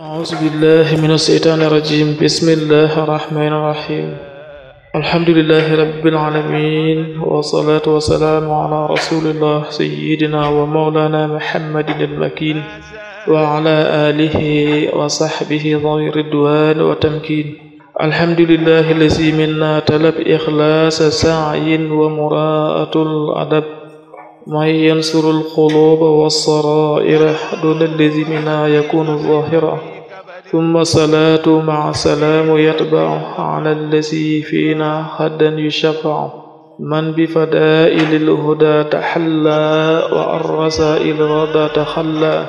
أعوذ بالله من الشيطان الرجيم بسم الله الرحمن الرحيم الحمد لله رب العالمين والصلاة والسلام على رسول الله سيدنا ومولانا محمد المكين وعلى آله وصحبه ذوي الرضوان والتمكين الحمد لله الذي منا طلب إخلاص سعي ومراءة الأدب من ينصر القلوب والسرائر دون الذي منها يكون ظاهرا ثم صلاة مع سلام يتبع على الذي فينا حدا يشفع من بفدائل الهدى تحلى وأرس إلى الغدا تخلى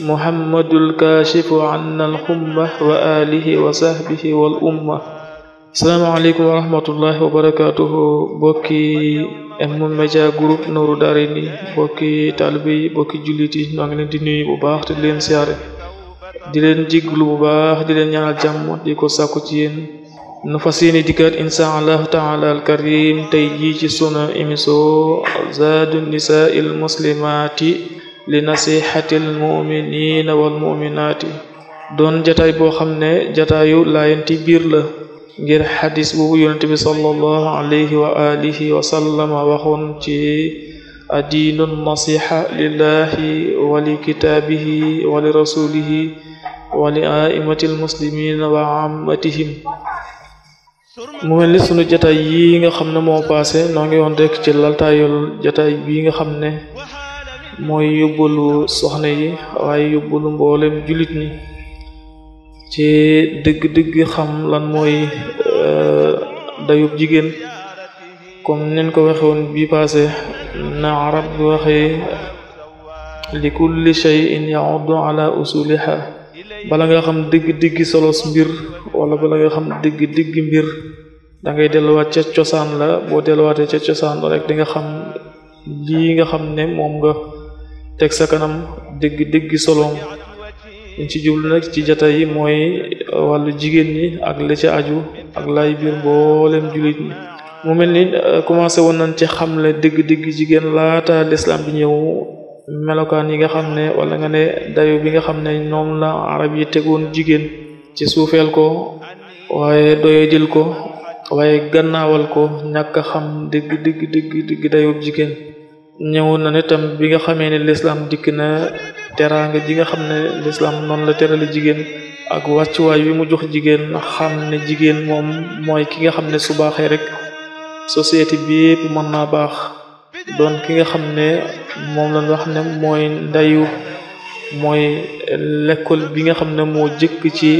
محمد الكاشف عنا الخمة وآله وصحبه والأمة السلام عليكم ورحمة الله وبركاته بكي M-Mod Media Group Nourou Darayni bokki taalibe yi bokki jullit yi ñoo leen di nuyu bu baax te di leen siyaare di leen jéglu bu baax di leen ñaanal jàmm di ko sàkku ci yéen nu fas yéene dikkaat insha allah taala al karim tey jii ci sunu émission zaadu nisaa il muslimaati li nasihatil muminina wal muminaati doon jataay boo xam ne jataayu laayanti biir la ngir xadis boobu yonent bi sallallahu alayhi wa alihi wa sallam waxoon ci adiinu nasiha lillahi wa li kitaabihi wa li rasulihi aimati almuslimin wa ammatihim mu mel ni sunu jataay yi nga xam ne moo paase noo ngi woon rekk ci laltaayul jataay yi nga xam ne mooy yóbbalu soxna yi waaye yóbbalu mboolem jullit ñi ci dégg dëgg xam lan mooy euh, dayub jigéen comme nen ko waxe woon bi passé na arab bi waxee li kulli shay'in ya'uddu ala usuliha bala nga xam dëgg-dëgg solos mbir wala bala nga xam dëgg dégg mbir da ngay delluwaat ca cosaan la boo delluwaatee ca cosaan rek di nga xam lii nga xam ne moom nga teg sa kanam dëgg-dëgg solom ci jublu nag ci jataay yi mooy uh, wàllu jigéen ñi ak la aju ak lay biir mboolem jullit ñi mu mel ni uh, commencé woon nañ ci xam le digg dëgg jigéen laata lislaam bi ñëw melokaan yi nga xam ne wala ne dayo bi nga xam ne ñoom la arab yi tegoon jigéen ci suufeel ko waaye doye jël ko waaye gannaawal ko ñàkk xam dëgg dëgg dëgg dëgg jigéen ñëw na ne tam bi nga xamee ne lislaam dikk na teraanga ji nga xam ne lislaam noonu la terale jigéen ak wàccuwaay wi mu jox jigéen xam ne jigéen moom mooy ki nga xam ne su baaxee rek société bi yépp mën naa baax doon ki nga xam ne moom lañ wax ne mooy ndayu mooy l'école bi nga xam ne moo jëkk ci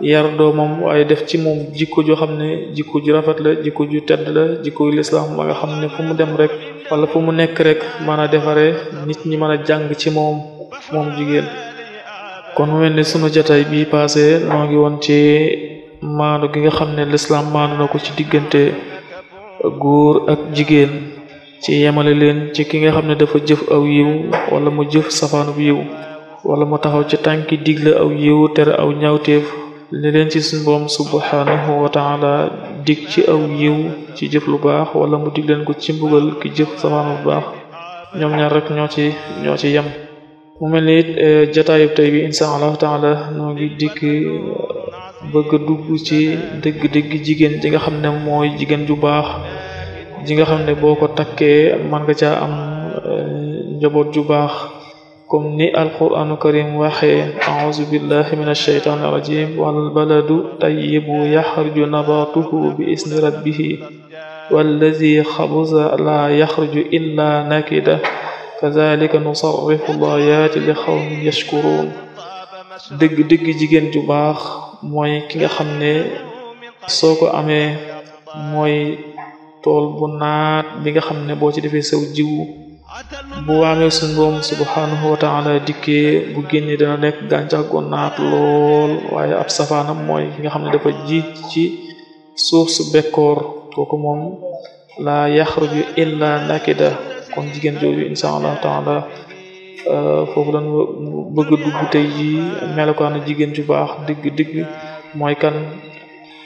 yar doomam waaye def ci moom jikko joo xam ne jikko ju rafet la jikko ju tedd la jikko yu lislaam ba nga xam ne fu mu dem rek wala fu mu nekk rek mën a defaree nit ñi mën a jàng ci moom moom jigéen kon mu mel ni sunu jataay bi paase noo ngi woon ci maandu gi nga xam ne lislaam maandu na ko ci diggante góor ak jigéen ci yemale leen ci ki nga xam ne dafa jëf aw yiw wala mu jëf bu yiw wala mu taxaw ci tànki digle aw yiw tere aw ñaawteef ne leen ci suñu su subhanahu wa taala dig ci aw yiw ci jëf lu baax wala mu dig leen ko ci mbugal ki jëf safaan bu baax ñoom ñaar rek ñoo ci ñoo ci yem mu mel ni it eh, jataayub tey bi insha allahu taala noo ngi dikk bëgg a dugg ci dëgg-dëgg jigéen ji nga xam ne mooy jigéen ju baax ji nga xam ne boo ko takkee man nga am eh, njaboot ju baax comme ni alquranu karim waxee auzu billahi min alsheytan irajim walbaladu tayyibu yaxruju nabatuhu bi isni rabbihi wallazi xabusa la yaxruju illa nakida kazalika nusarrifu layaati li xawmin yashkuruun dëgg dëgg jigéen ju baax mooy ki nga xam ne soo ko amee mooy tool bu naat bi nga xam ne boo ci defee saw jiw bu waamee suñ boom subhanahu wa taala dikkee bu génnee dana nekk gàncax gu naat lool waaye ab safaanam mooy ki nga xam ne dafa ji ci suuf su bekkoor kooku moom laa yaxruju illa nakida kon jigéen jooju insha allah taala euh, foofu bëgg dugg tey ji melokaanu jigéen ju baax digg digg mooy kan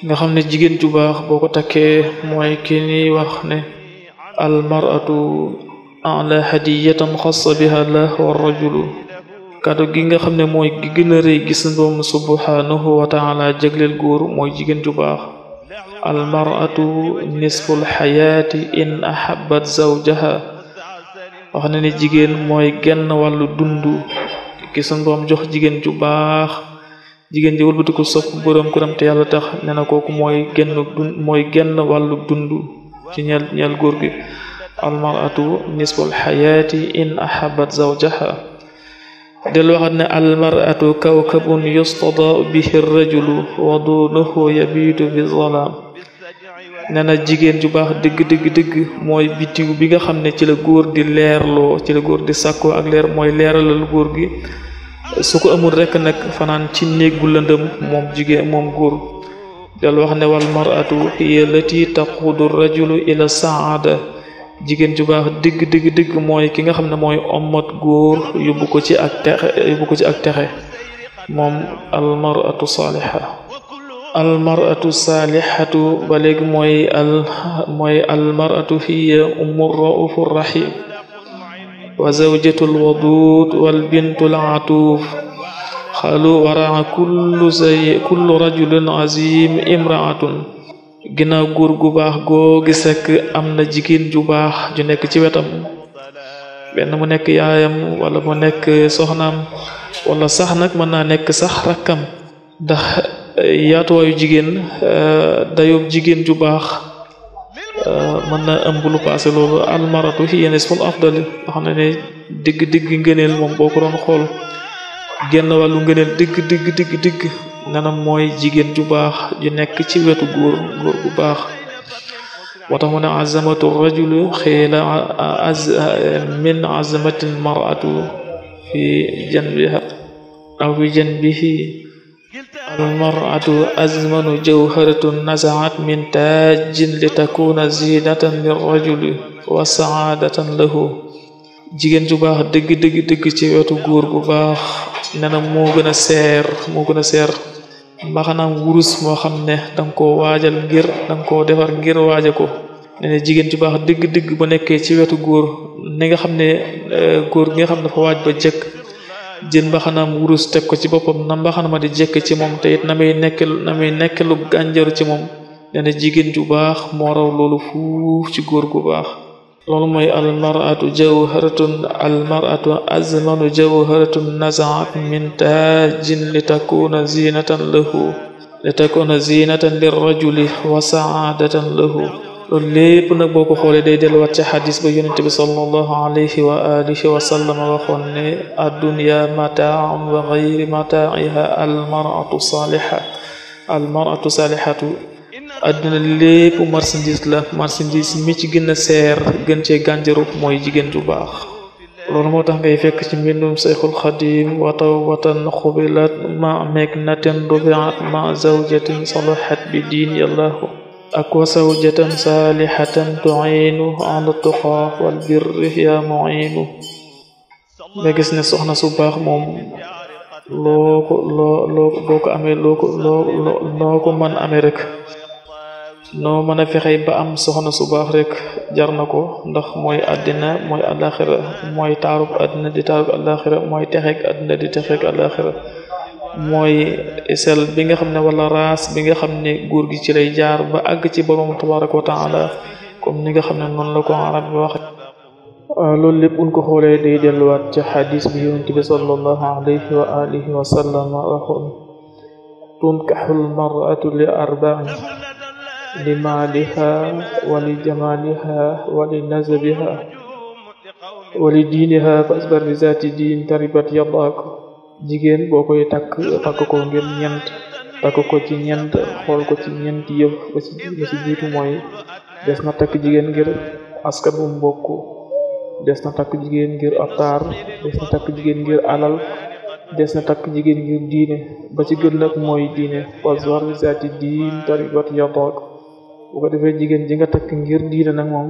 nga xam ne jigéen ju baax boo ko takkee mooy ki ni wax ne al mar'atu ala hadiyatan xassa biha lah wa rajulu kàddu gi nga xam ne mooy gi gën a rëy gis ndoom subhanahu wa taala jagleel góor mooy jigéen ju baax al mar'atu nisful xayaati in ahabbat zawjaha wax na ne jigéen mooy genn wàllu dund ki sun jox jigéen ju baax jigéen ji wëlbatiku sopp borom këram yàlla tax nee kooku mooy genn dund wàllu dund ci ñeel ñeel góor gi almaratu nisful xayaati in zawjaha del waxat ne almaratu kawkabun yustadaa bihi rajulu wa duunahu yabiitu fi zalaam nee na jigéen ju baax digg digg dëgg mooy bitiw bi nga xam ne ci la góor di leerloo ci la góor di sàkkoo ak leer mooy leeralal góor gi su ko amul rekk nag fanaan ci néegu bu moom jigéen moom góor wax ne wal maratu hiya lati taqudu rajulu ila saada jigéen ju baax dëgg dëgg mooy ki nga xam ne mooy ommat góor yóbbu ko ci ak texe yóbbu ko ci ak texe moom al maratu saaliha almaratu saalihatu ba léegi mooy al mooy almaratu hiya ummu raufu rahim wa zawjatu lwadud walbintu laatuf xalu waraa kullu say kullu rajulin azim imraatun ginnaaw góor gu baax goo gi am na jigéen ju baax ju nekk ci wetam benn mu nekk yaayam wala mu nekk soxnaam wala sax nag mën naa nekk sax rakkam ndax yaatuwaayu jigéen euh, dayoob jigéen ju baax euh, mën na ëmb lu paase loolu almaratu hiya nisful afdal xam ne ne digg digg ngëneel moom boo ko doon xool genn wàllu ngëneel digg digg digg digg mooy jigéen ju baax ju nekk ci wetu góor góor baax moo tax mu ne azamatu rajulu xiila az min azamati fi janbiha aw fi almaratu azmanu jawharatun nazaat min taajin li takuna zinatan lirrajuli wa saadatan lahu jigéen ju baax dëgg dëgg dëgg ci wetu góor bu baax nee na moo gën a seer moo gën a seer mbaxanaam wurus moo xam ne dang ko waajal ngir danga koo defar ngir waaja ko nee na jigéen ju baax dëgg dëgg bu nekkee ci wetu góor ni nga xam ne euh, góor gi nga xam ne dafa waaj ba jëkk jën mbaxanaam wurus teg ko ci boppam na mbaxana ma di jekk ci moom te it na muy nekk na muy nekk lu gànjaru ci moom dana jigéen ju baax moo raw loolu fuuf ci góor gu baax loolu mooy almaratu jawharatun almaratu azmanu jawharatun nazaat min taajin li takuna zinatan lahu li takuna zinatan lirrajuli wa saadatan lahu loolu nag boo ko xoolee day delluwaat ci xadis ba yonente bi sallallahu alayhi wa alihi wa sallam waxoon ne addunya mataaun wa gayri mataa'iha almaratu saaliha almaratu saalihatu adduna lépp marchandise la marchandise mi ci gën a seer gën cee gànjaru mooy jigéen ju baax loolu moo tax ngay fekk ci mbindum Sayxul Xadim wataw watan xubilat ma meeg naten rufiat ma zawjatin salahat bi diin yàllahu ak wa zawjatan saalihatan tu'iinu ala tuqaa wal birri yaa mu'iinu nga gis ne soxna su baax moom loo ko loo loo amee loo ko loo rek noo mën a fexey ba am soxna su baax rek jar na ko ndax mooy àddina mooy àllaaxira mooy taarub àddina di taarub àllaaxira mooy texeeg àddina di texeeg àllaaxira mooy sel bi nga xam ne wala raas bi nga xam ne góor gi ci lay jaar ba àgg ci borom tabaraka wa taala comme ni nga xam ne noonu la ko arab bi waxe ah, loolu lépp un ko xoolee day delluwaat ci xadis bi yonent bi sallallahu alayhi wa alihi wa sallam waxoon tunkaxul maratu li arba'in li maaliha wa li jamaliha wa li wa diiniha fa asbar bi zaati diin taribat yadaak jigéen boo koy takk takk ko ngir ñent takk ko ci ñent xool ko ci ñent yëf ba ci jiitu mooy des na takk jigéen ngir askan bu mbokk des na takk jigéen ngir ab des na takk jigéen ngir alal des na takk jigéen ngir diine ba ci gën nag mooy diine waswar bi sa ci diin taribat yadoog bu ko defee jigéen ji nga takk ngir diine nag moom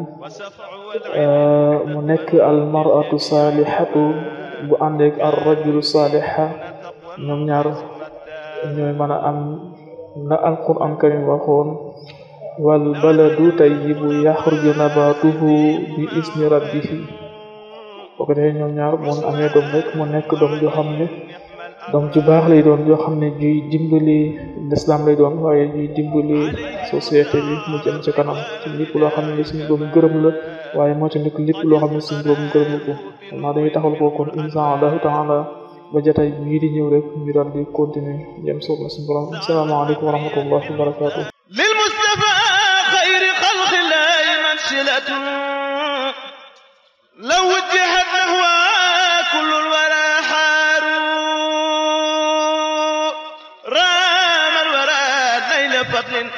euh, mu nekk almaratu salihatu bu àndeek ar rajulu saaliha ñoom ñaar ñooy mën a am na alquran karim waxoon wal baladu tayyibu yaxruju nabatuhu bi isni rabbihi boo ko defee ñoom ñaar moon amee doom rek mu nekk doom joo ne donc ju baax lay doon yoo xam ne juy dimbali lislaam lay doon waaye juy dimbali société bi mu jëm ci kanam ci lépp loo xam ne suñu borom gërëm la waaye moo ci nekk lépp loo xam ne suñu borom gërëm ko naa dañuy taxal ko kon insha allahu taala ba jotaay bii di ñëw rek ñu daal di continuer jëm soob na suñu borom asalaamaaleykum wa rahmatullahi wa barakatuh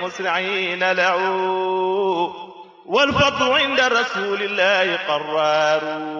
مسرعين لعوا والفضل عند رسول الله قرار